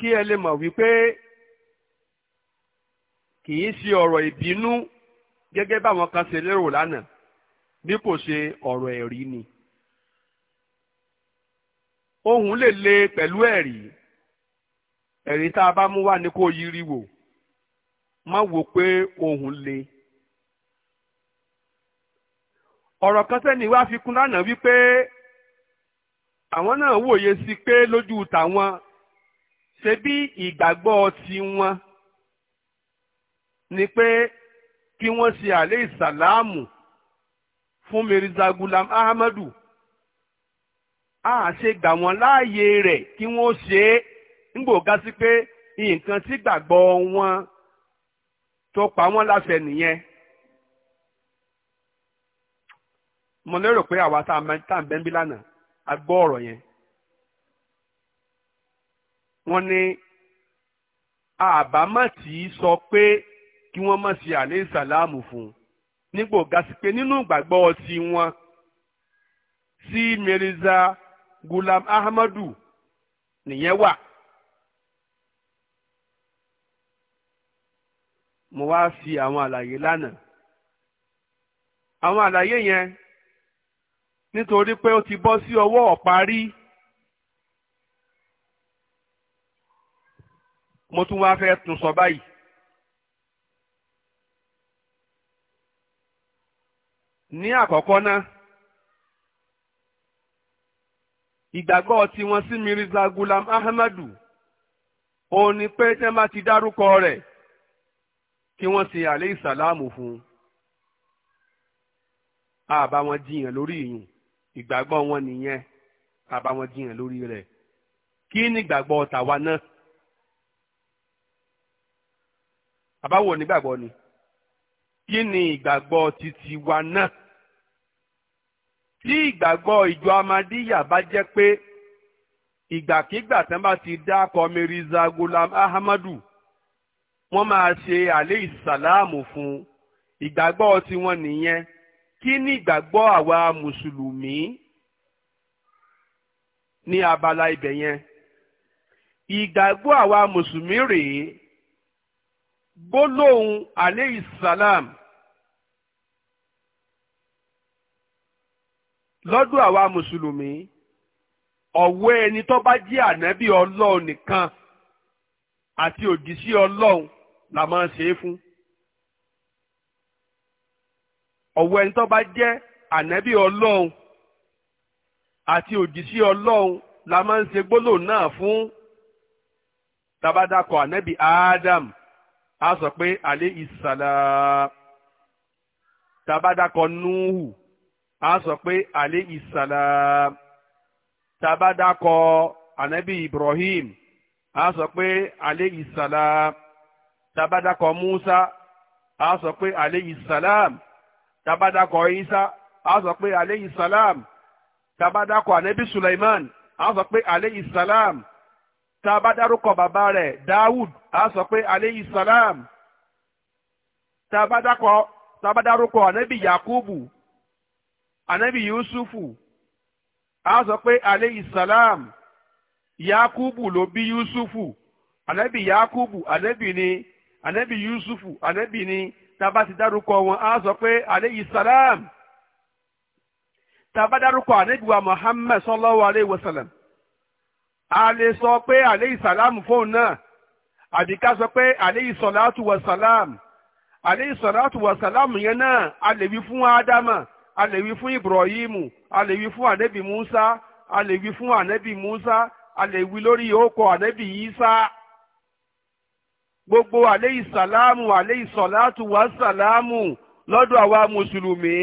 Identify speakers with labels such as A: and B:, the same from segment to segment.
A: kí ẹ lè mọ̀ wípé kì í ṣe ọ̀rọ̀ ìbínú gẹ́gẹ́ báwọn kan ṣe lérò lánàá bí kò ṣe ọ̀rọ̀ ẹ̀rí ni. ohun lè le pẹ̀lú ẹ̀rí ẹ̀rí tá a bá mú wá ni kó yiri wò má wò pé ohun le. ọ̀rọ̀ kan sẹ́ni wá fi kún lánàá wípé àwọn náà wòye sí pé lójú tàwọn ṣe bí ìgbàgbọ́ tiwọn ni pé kí wọ́n ṣe àlẹ́ ìsàlámù fún Mirza Gulam Ahmadu a ṣe gbà wọ́n láàyè rẹ̀ kí wọ́n ṣe é ńgbò ga sí pé nǹkan tí gbàgbọ́ wọn tó pa wọ́n láṣẹ nìyẹn. mo lérò pé àwa tá a bẹ́ńbí lánàá a gbọ́ ọ̀rọ̀ yẹn wọ́n ní àbámọ̀tì sọ pé kí wọ́n má ṣe àlẹ́ ìsàlámù fún un nígbò gasi pé nínú ìgbàgbọ́ ọtí wọn sí Mirza Gulam Ahmadu nìyẹn wà. mo wá fi àwọn àlàyé lánàá àwọn àlàyé yẹn nítorí pé ó ti bọ́ sí ọwọ́ ọ̀parí. mo tún wá fẹ́ tún sọ báyìí. ní àkọ́kọ́ náà ìgbàgbọ́ tiwọn sí Mirza Gulam Ahmadu òun ni pé tẹ́ bá ti dárúkọ rẹ̀ kí wọ́n ṣe àlẹ́ ìsàlámù fún un àbá wọn jiyàn lórí ìyún ìgbàgbọ́ wọn nìyẹn àbá wọn jiyàn lórí rẹ̀ kí ni ìgbàgbọ́ tàwa náà. àbáwò nígbàgbọ́ ni kí ni ìgbàgbọ́ titi wa náà tí ìgbàgbọ́ ìjọ amadíyà bá jẹ́ pé ìgbàkigbà tí wọ́n bá ti dá kọmíríza gulam ahmadu wọ́n máa ṣe àlẹ́ ìsàlámù fún ìgbàgbọ́ tiwọn nìyẹn kí ni ìgbàgbọ́ àwa mùsùlùmí ní abala ibẹ̀ yẹn ìgbàgbọ́ àwa mùsùlùmí rèé gbólóhùn aleyhi salam lọ́dọ̀ àwa mùsùlùmí ọ̀wọ́ ẹni tó bá jẹ́ ànábì ọlọ́run nìkan àti òjíṣẹ́ ọlọ́run la máa ń ṣe é fún. ọ̀wọ́ ẹni tó bá jẹ́ ànábì ọlọ́run àti òjíṣẹ́ ọlọ́run la máa ń ṣe gbólóhùn náà fún tabadakọ̀ ànábì Adam a sọ pé alẹ́ ìsàlá tabadakọ nuhu a sọ pé alẹ́ ìsàlá tabadakọ anabi ibrahim a sọ pé alẹ́ ìsàlá tabadakọ musa a sọ pé alẹ́ ìsàlám tabadakọ isa a sọ pé alẹ́ ìsàlám tabadakọ anabi suleiman a sọ pé alẹ́ ìsàlám. Ta a bá dárúkọ bàbá Dawud a sọ pé aleyhi salam ta a bá dákọ bá dárúkọ anabi Yakubu anabi Yusufu a sọ pé aleyhi salam Yakubu ló bí Yusufu anabi Yakubu anabi ni anabi Yusufu anabi ni ta a bá ti dárúkọ wọn a sọ pé aleyhi salam ta a bá dárúkọ anabi wa Muhammad sallallahu wa a lè sọ pé àléyìí sàlámù fóun náà àbí ká sọ pé àléyìí sọ̀láàtù wà sàlámù àléyìí sọ̀láàtù wà sàlámù yẹn náà a lè wí fún ádámà a lè wí fún ibrahimu a lè wí fún ànábì musa a lè wí fún ànábì musa a lè wí lórí okò ànábì isa gbogbo àléyìí sàlámù àléyìí sọ̀láàtù wà sàlámù lọ́dọ̀ àwa mùsùlùmí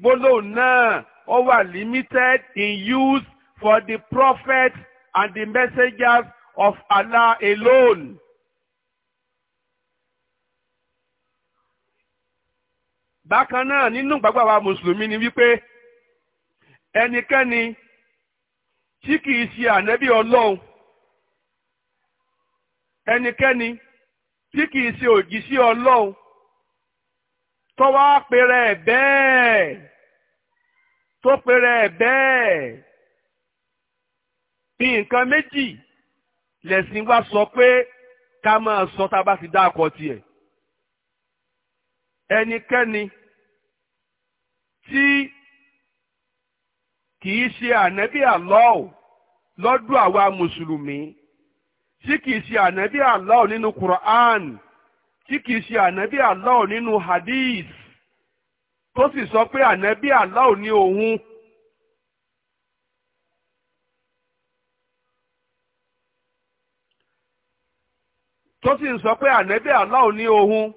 A: gbólóhùn náà ó wà limited in use for the prophet and the messengers of Allah alone. Bákan náà nínú gbàgbọ́ àwa Mùsùlùmí ni wípé ẹnikẹ́ni tí kìí ṣe ànẹ́bí Ọlọ́run ẹnikẹ́ni tí kìí ṣe òjíṣẹ́ Ọlọ́run tó wá bẹ́ẹ̀ tó pèrè bẹ́ẹ̀. nǹkan méjì lẹ̀sìn wa sọ pé ká máa sọ tá a bá ti dá akọ tiẹ̀ ẹnikẹ́ni tí kìí ṣe ànábì àlọ́ọ̀ lọ́dún àwa mùsùlùmí tí kìí ṣe ànábì àlọ́ọ̀ nínú Quran tí kìí ṣe ànábì àlọ́ọ̀ nínú hadith tó sì sọ pé ànábì àlọ́ọ̀ ní òun. tó sì ń sọ pé ànẹ́bí ní ohun.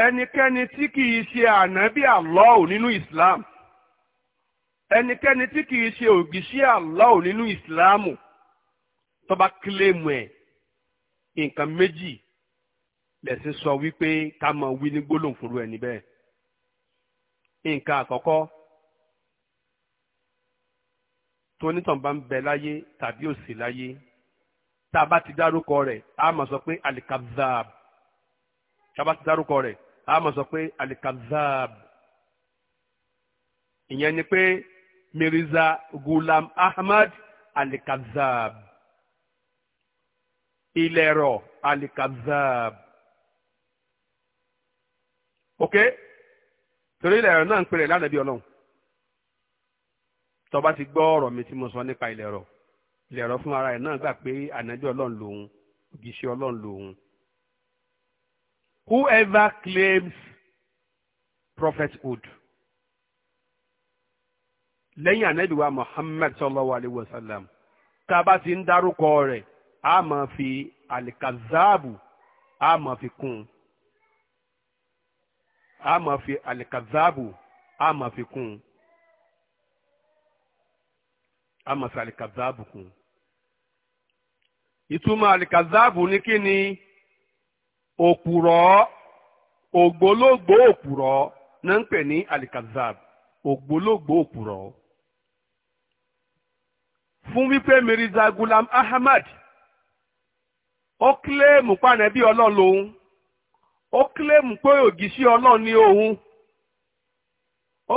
A: Eh, ẹnikẹ́ni tí kìí ṣe ànábì Allah nínú Islam ẹnikẹ́ni tí kìí ṣe ògìṣẹ́ Allah nínú ìsìláàmù tó bá kílèmù ẹ̀ nǹkan méjì lẹ̀sìn sọ wípé ká máa wí ní gbólóhùn fúru ẹ̀ níbẹ̀. nǹkan àkọ́kọ́ tó onítàn bá ń bẹ láyé tàbí ò sí láyé tá a bá ti dárúkọ rẹ̀ a máa sọ pé alikazab tá a bá ti dárúkọ rẹ̀ a máa sọ pé alikazab ìyẹn ni pé mirza gulam ahmad al-Kazab alikazab al-Kazab. ok torí ilẹ̀rọ̀ náà ń pèrè lánàbí ọlọ́run tó bá ti gbọ́ ọ̀rọ̀ mi tí mo sọ nípa ilẹ̀rọ̀ ilẹ̀rọ̀ fún ara ẹ̀ náà gbà pé ànábì ọlọ́run lòun ògìṣẹ́ ọlọ́run lòun whoever claims prophethood lẹ́yìn ànábì wa Muhammad sallallahu alayhi wa sallam tá a bá ti ń dárúkọ rẹ̀ a máa fi alikazaabu a máa fi kún un a máa fi alikazaabu a máa fi kún a máa fi alikazaabu kún ìtumọ̀ alikazaabu ní kí ni òpùrọ̀ ògbólógbòó òpùrọ̀ náà ń pè ní alikazaabu ògbólógbòó fún wípé Mirza Gulam Ahmad ó kílèmù pànẹ́bí ọlọ́run lòun ó kílèmù pé ògìṣẹ́ ọlọ́run ní òun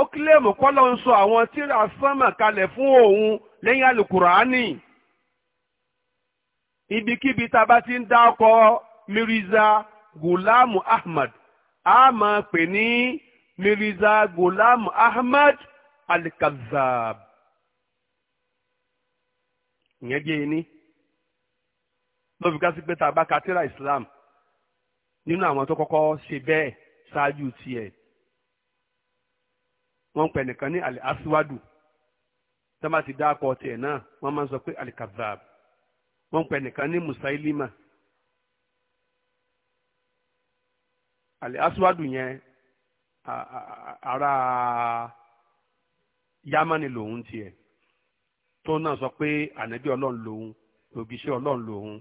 A: ó kílèmù kọ́lọ́ ń sọ àwọn tíra sánmà kalẹ̀ fún òun lẹ́yìn alukùránì ibikíbi tá a bá ti ń dá ọkọ Mirza Gulam Ahmad a máa pè ní Mirza Gulam Ahmad al ìyẹn jẹ́ ení ló fi ká sí pé tá a Islam nínú àwọn tó kọ́kọ́ ṣe bẹ́ẹ̀ ṣáájú tiẹ̀ wọ́n ń pè nìkan ní àlè aṣíwádù tá a bá ti dá akọ tiẹ̀ náà wọ́n máa ń sọ pé àlè wọ́n ń nìkan ní musailima àlè aṣíwádù yẹn ara yamani lòun tiẹ̀ tó náà sọ pé ànábì ọlọ́run lòun òbíṣẹ́ ọlọ́run lòun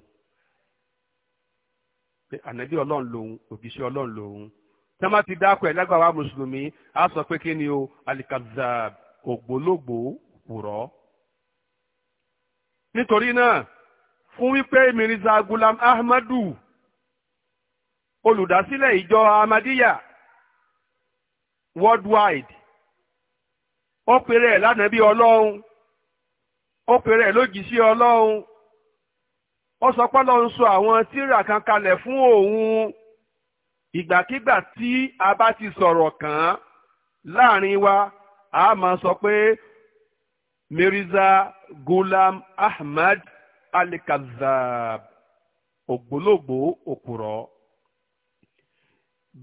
A: ànábì ọlọ́run lòun òbíṣẹ́ ọlọ́run lòun tí wọ́n bá ti dákọ̀ ẹ̀ lágbàwá mùsùlùmí á sọ pé kí ni o alikazab ògbólógbò wùrọ́ nítorí náà fún wípé mirza gulam ahmadu olùdásílẹ̀ ìjọ ahmadiyya worldwide ó pèrè ẹ̀ lánàbí ọlọ́run ó pèrè lójì sí ọlọ́run ó sọ pé ọlọ́run sọ àwọn tírà kan kalẹ̀ fún òun ìgbàkigbà tí a bá ti sọ̀rọ̀ kàn án láàrin wa a máa sọ pé Mirza Gulam Ahmad al ògbólógbò òkùrọ̀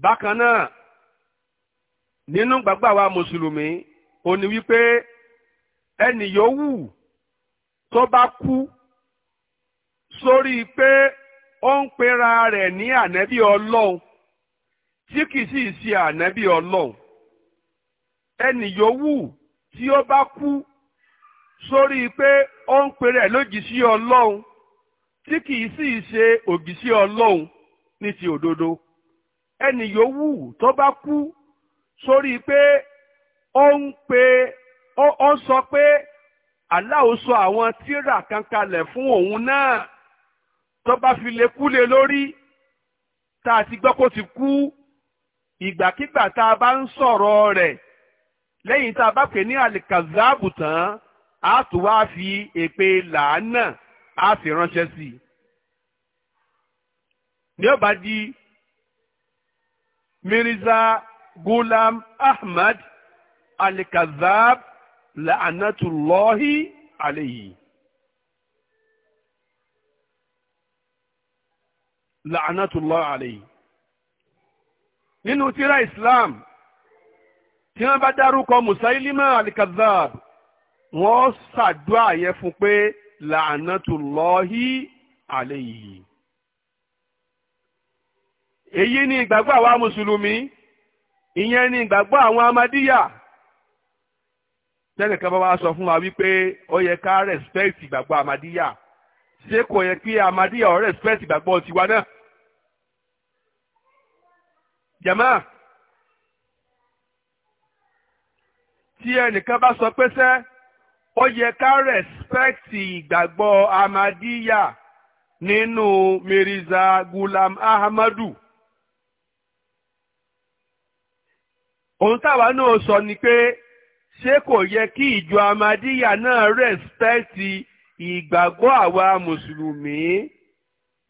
A: bákan náà nínú gbàgbà wa mùsùlùmí ó ní wípé ẹnì yòówù tó bá kú sórí pé ó ń pera rẹ̀ ní ànábì ọlọ́run tí kì í sì ṣe ànábì ọlọ́run ẹnì yòówù tí ó bá kú sórí pé ó ń pera ẹ̀ lójìṣí ọlọ́run tí kì í sì ṣe ògìṣí ọlọ́run ní ti òdodo ẹnì yòówù tó bá kú sórí pé ó ń pe ó sọ pé Allah ó sọ àwọn tírà kan kalẹ̀ fún òun náà tó bá fi lè kú lé lórí tá a ti gbọ́ kó ti kú ìgbàkigbà tá a bá ń sọ̀rọ̀ rẹ̀ lẹ́yìn tá a bá pè ní alikazabu tán a tún wá fi èpè làánà a fi ránṣẹ́ sí i. ní ó di Mirza Gulam Ahmad alikazab la'anatullahi alayhi la'anatullahi alayhi nínú tírà islam tí wọ́n bá dárúkọ musailima alikazab wọ́n ṣàdúrà yẹn fún pé la'anatullahi alayhi èyí ni ìgbàgbọ́ àwa mùsùlùmí ìyẹn ni ìgbàgbọ́ àwọn amadíyà tẹ́nìkan bá wá sọ fún wa wípé ó yẹ ká respect ìgbàgbọ́ àmàdíyà ṣé kò yẹ kí àmàdíyà ó respect ìgbàgbọ́ tiwa náà. jàmá tí ẹnìkan bá sọ pé sẹ́ ó yẹ ká respect ìgbàgbọ́ àmàdíyà nínú Mirza Gulam Ahmadu. ohun táwa náà sọ ni pé ṣé kò yẹ kí ìjọ amadíyà náà rẹ́spẹ́tì ìgbàgbọ́ àwa mùsùlùmí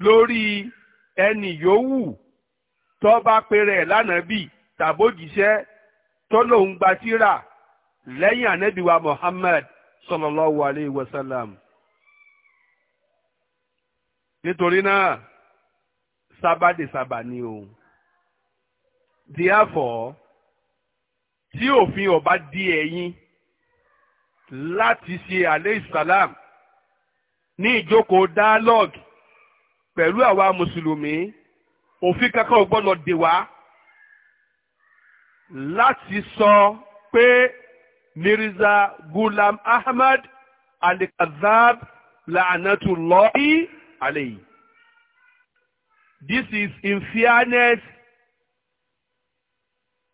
A: lórí ẹni yòówù tó bá pèrè ẹ̀ lánàbì tàbójìṣẹ́ tó lòun gba tírà lẹ́yìn ànábìwa Muhammad sallallahu alayhi wa sallam. nítorí náà sábàdé sábà ni o. therefore tí òfin ọba di ẹ̀yìn láti ṣe aleyhi salam ní ìjókòó dialogue pẹ̀lú àwa mùsùlùmí òfin kankan gbọ́dọ̀ dè wá láti sọ pé mirza gulam ahmad alikazab la'anatullahi alayhi this is in fairness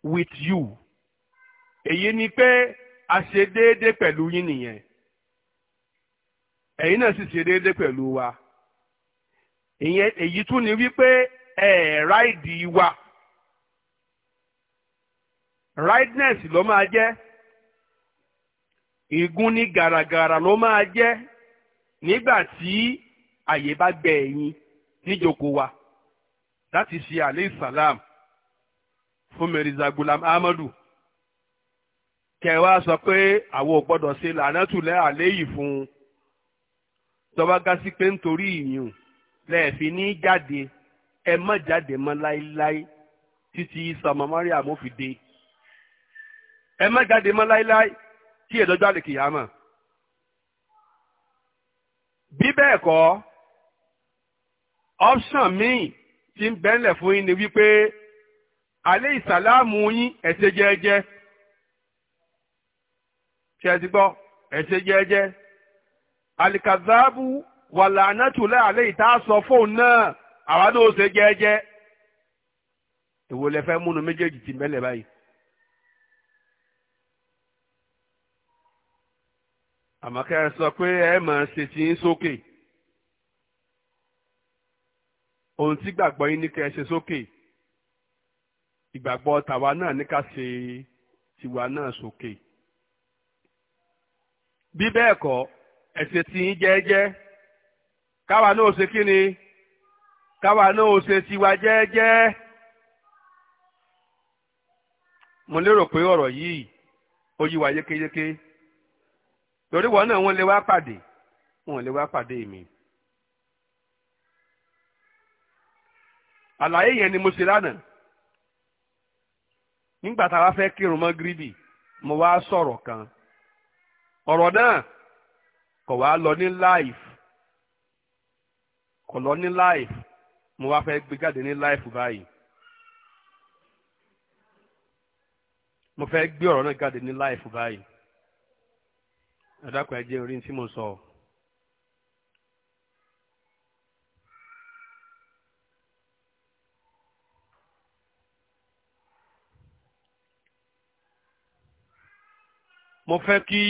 A: with you èyí ni pé a ṣe déédéé pẹ̀lú yín nìyẹn ẹ̀yin náà sì ṣe déédéé pẹ̀lú wa ìyẹn èyí tún ni wípé ẹ ráìdì wa rightness ló máa jẹ́ ìgún ní gàràgàrà ló máa jẹ́ nígbà tí àyè bá gbẹ ẹ̀yin níjókòó wa láti ṣe àlẹ́ ìsàlám fún mẹ́rìndínláàgùlám ahmadu kẹ wá sọ pé àwọn ò gbọ́dọ̀ ṣe lànàtúlẹ̀ àlẹ́ yìí fún un tọ́ba ga sí pé nítorí ìyún lẹ́ẹ̀fín ní jáde ẹ má jáde mọ́ láéláé títí sọmọ mọ́ríà mo fi dé ẹ má jáde mọ́ láéláé tí èdọ́jọ́ àlè kìyàmọ̀ bí bẹ́ẹ̀ kọ́ option míì tí ń bẹ́ńlẹ̀ fún yín ni wípé alẹ́ ìsàlámù yín ẹ̀ṣẹ̀ jẹ́ẹ́jẹ́ ṣẹ́ẹ́dì gbọ́ ẹ̀ṣẹ̀ jẹ́ẹ́jẹ́ alikazabu wàlà anátúlẹ̀ àlẹ́ ìta sọ fóun náà àwa náà ṣe jẹ́ẹ́jẹ́ èwo lẹ fẹ́ múnu méjèèjì ti mẹ́lẹ̀ báyìí. àmọ́kẹ́ sọ pé ẹ máa ṣe ti ń sókè ohun tí gbàgbọ́ yín ní kẹ́ ẹ ṣe sókè ìgbàgbọ́ tàwa náà ní ká ṣe tiwa náà sókè. So bí bẹ́ẹ̀ kọ́ ẹ̀sìn tí ń jẹ́ẹ́jẹ́ káwa náà ṣe kí ni káwa náà ṣe tiwa jẹ́ẹ́jẹ́ mo lérò pé ọ̀rọ̀ yìí ó yí wa yékéyéké torí wọn náà wọn lè wá pàdé wọn lè wá pàdé mi. àlàyé yẹn ni mo ṣe lánàá nígbà tá a wá fẹ́ kírun mọ́ gíríbì mo wá sọ̀rọ̀ kan ọ̀rọ̀ náà kò wá lọ ní live kò lọ ní live mo wá fẹ́ gbé jáde ní live báyìí mo fẹ́ gbé ọ̀rọ̀ náà jáde ní live báyìí ẹ dákun orí tí mo sọ mo fẹ́ kí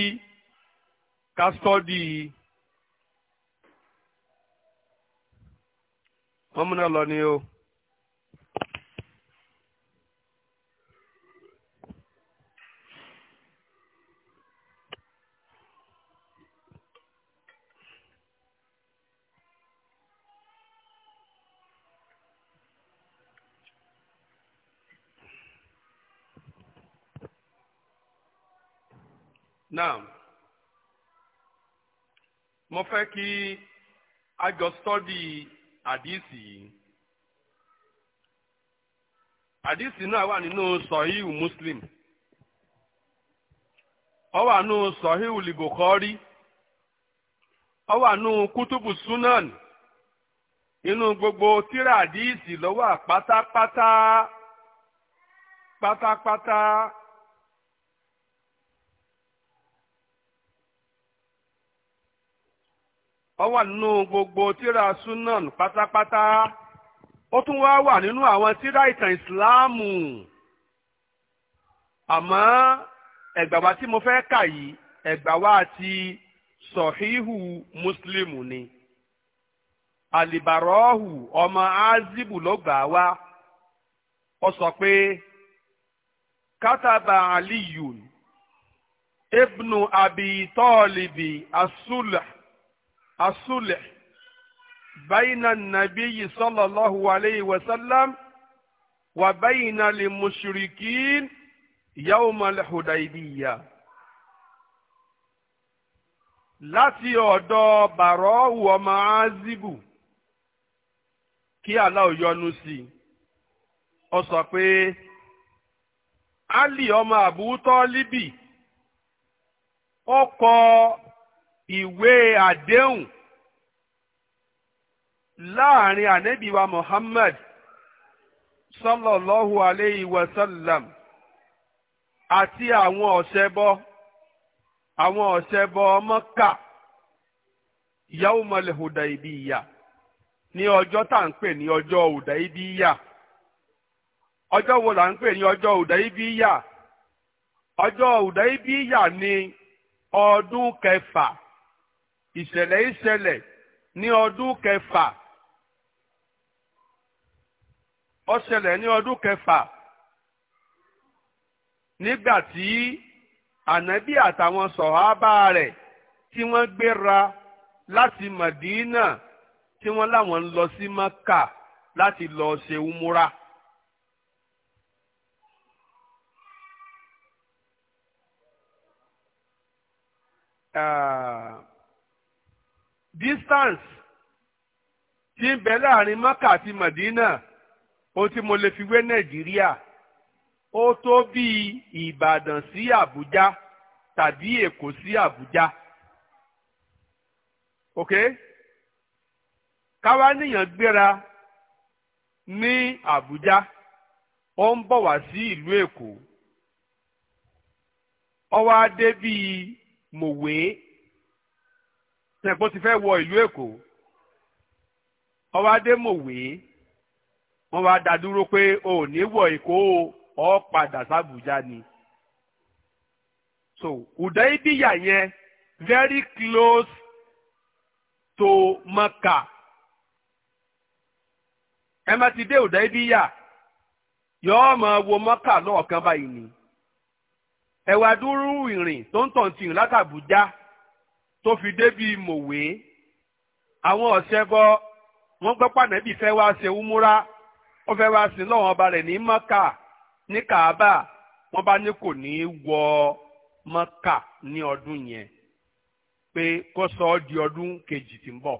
A: kásítọ́dì wọ́n múná lọ o. Now, mo fẹ́ kí a jọ sọ́dí àdìsí yìí àdìsí náà wà nínú sọ̀híù muslim ó wà nínú sọ̀híù libokori ó wà nínú kútùbù sunan inú gbogbo tíra àdìsí ló wà pátápátá pátápátá. Ọ wà nínú gbogbo tíra sunan pátápátá ó tún wá wà nínú àwọn tíra ìtàn ìsìláàmù àmọ́ ẹ̀gbà wa tí mo fẹ́ kà yìí ẹ̀gbà wa sọ̀híhù mùsùlùmù ni àlìbàrọ́hù ọmọ azibu ló gbà wá ó sọ pé kátàbà aliyun ibnu abi tọ́ọ̀lìbì asúlà. الصلح بين النبي صلى الله عليه وسلم وبين المشركين يوم الحديبية láti ọ̀dọ̀ bàrọ̀ wọ máa zibu, kí Allah yọ́nú sí sọ pé Ali ọmọ kọ ìwé àdéhùn láàrin ànábì wa Muhammad sallallahu alayhi wa sallam àti àwọn ọ̀ṣẹbọ àwọn ọ̀ṣẹbọ Mọ́kà yawmal Hudaybiya ní ọjọ́ tá à ń pè ní ọjọ́ Hudaybiya ọjọ́ wo là ń pè ní ọjọ́ Hudaybiya ọjọ́ Hudaybiya ní ọdún kẹfà ìṣẹ̀lẹ̀ ìṣẹ̀lẹ̀ ní ọdún kẹfà ó ṣẹlẹ̀ ní ọdún kẹfà nígbà tí ànábì àtàwọn sọ̀hábà rẹ̀ tí wọ́n gbéra láti Màdínà tí wọ́n láwọn ń lọ sí Mákà láti lọ ṣe umura. Uh, ah. distance tí ń bẹ láàrin Mọ́kà àti Mẹ̀dínà ohun tí mo lè fi wé Nàìjíríà ó tó bí Ìbàdàn sí Àbújá tàbí Èkó sí Àbújá ok káwá níyàn gbéra ní Àbújá ó ń bọ̀ wá sí ìlú Èkó ó wá bíi Mòwé ṣẹ̀gbọ́n ti fẹ́ wọ ìlú èkó ọwọ́ adé mòwe wọ́n wá dá pé o ò ní wọ èkó ọ padà sábùjá ni so Udaibiya yẹn very close to Maka ẹ má ti dé Udaibiya yọọ ma wo Maka lọ́ọ̀kan báyìí ni ẹwà dúró ìrìn tó ń tàn tìrìn látàbújá. tó fi débi mòwe àwọn ọ̀sẹ̀ bọ́ wọ́n gbọ́ pànẹ́bì fẹ́ wá ṣe úmúra ó fẹ́ wá sí lọ́wọ́n ọba rẹ̀ ní mọ́kà ní kàábà wọ́n bá ní kò ní í wọ mọ́kà ní ọdún yẹn pé kó sọ ọ́ di ọdún kejì tí ń bọ̀.